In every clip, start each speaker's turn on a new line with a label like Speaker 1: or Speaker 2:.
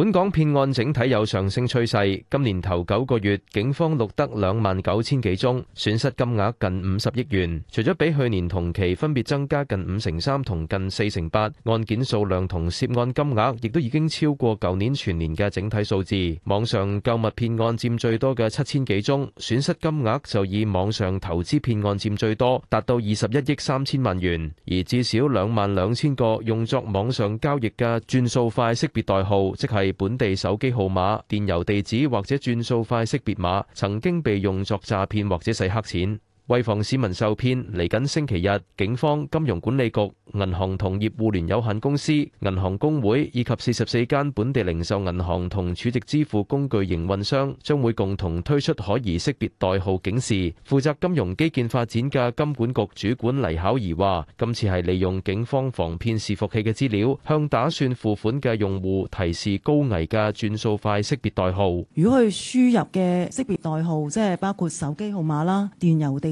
Speaker 1: 本港騙案整體有上升趨勢，今年頭九個月，警方錄得兩萬九千幾宗，損失金額近五十億元。除咗比去年同期分別增加近五成三同近四成八，案件數量同涉案金額亦都已經超過舊年全年嘅整體數字。網上購物騙案佔最多嘅七千幾宗，損失金額就以網上投資騙案佔最多，達到二十一億三千萬元。而至少兩萬兩千個用作網上交易嘅轉數快識別代號，即係，本地手機號碼、電郵地址或者轉數快識別碼，曾經被用作詐騙或者洗黑錢。為防市民受騙，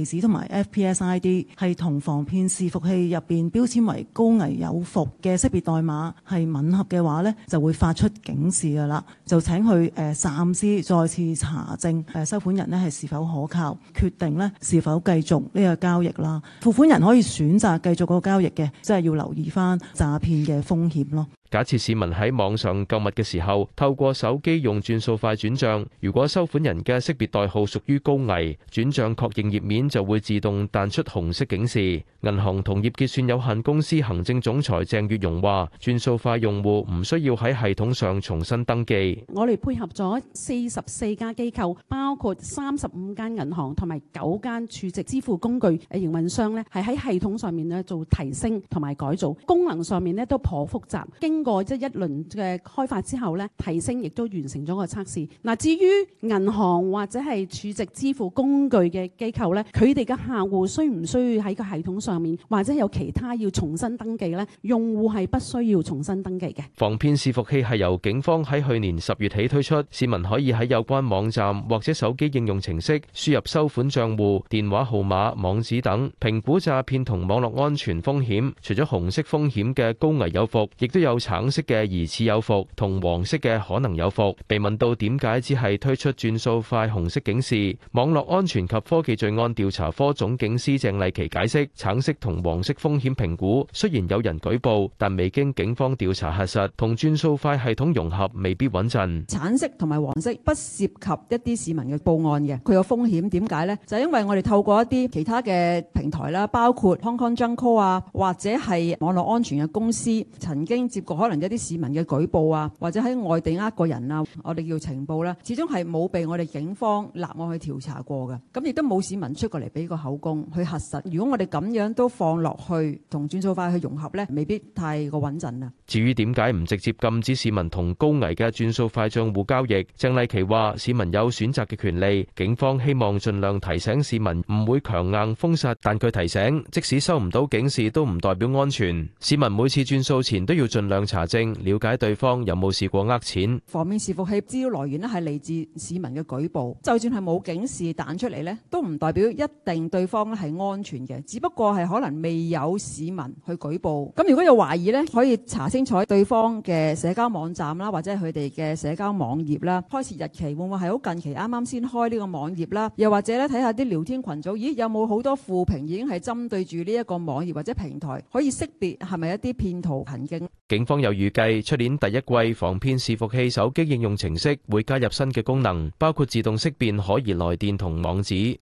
Speaker 2: 紙同埋 FPSID 係同防騙伺服器入邊標籤為高危有伏嘅識別代碼係吻合嘅話咧，就會發出警示噶啦。就請佢誒暫時再次查證誒收款人咧係是否可靠，決定咧是否繼續呢個交易啦。付款人可以選擇繼續個交易嘅，即係要留意翻詐騙嘅風險咯。
Speaker 1: 假設市民喺網上購物嘅時候，透過手機用轉數快轉帳，如果收款人嘅識別代號屬於高危，轉帳確認頁面就會自動彈出紅色警示。銀行同業結算有限公司行政總裁鄭月容話，轉數快用戶唔需要喺系統上重新登記。
Speaker 3: 我哋配合咗四十四家機構，包括三十五間銀行同埋九間儲值支付工具營運商咧，係喺系統上面咧做提升同埋改造，功能上面咧都頗複雜。經經過即一輪嘅開發之後咧，提升亦都完成咗個測試。嗱，至於銀行或者係儲值支付工具嘅機構咧，佢哋嘅客戶需唔需要喺個系統上面或者有其他要重新登記呢？用戶係不需要重新登記嘅。
Speaker 1: 防騙伺服器係由警方喺去年十月起推出，市民可以喺有關網站或者手機應用程式輸入收款帳戶、電話號碼、網址等，評估詐騙同網絡安全風險。除咗紅色風險嘅高危有伏，亦都有。橙色嘅疑似有伏，同黃色嘅可能有伏。被問到點解只係推出轉數快紅色警示，網絡安全及科技罪案調查科總警司鄭麗琪解釋：橙色同黃色風險評估，雖然有人舉報，但未經警方調查核實。同轉數快系統融合未必穩陣。
Speaker 4: 橙色同埋黃色不涉及一啲市民嘅報案嘅，佢有風險點解呢？就因為我哋透過一啲其他嘅平台啦，包括 Hong Kong Junco 啊，或者係網絡安全嘅公司曾經接過。可能一啲市民嘅舉報啊，或者喺外地呃過人啊，我哋叫情報啦，始終係冇被我哋警方立案去調查過嘅，咁亦都冇市民出過嚟俾個口供去核實。如果我哋咁樣都放落去同轉數快去融合咧，未必太過穩陣啊。
Speaker 1: 至於點解唔直接禁止市民同高危嘅轉數快帳戶交易？鄭麗琪話：市民有選擇嘅權利，警方希望盡量提醒市民，唔會強硬封殺。但佢提醒，即使收唔到警示，都唔代表安全。市民每次轉數前都要盡量。查證，了解對方有冇試過呃錢，
Speaker 4: 防騙視伏器資料來源咧，係嚟自市民嘅舉報，就算係冇警示彈出嚟呢，都唔代表一定對方咧，係安全嘅，只不過係可能未有市民去舉報。咁如果有懷疑呢，可以查清楚對方嘅社交網站啦，或者佢哋嘅社交網頁啦，開設日期會唔會係好近期？啱啱先開呢個網頁啦，又或者咧，睇下啲聊天群組，咦，有冇好多負評已經係針對住呢一個網頁或者平台，可以識別係咪一啲騙徒行徑？
Speaker 1: 警方。有預計，出年第一季防騙視伏器手機應用程式會加入新嘅功能，包括自動識別可疑來電同網址。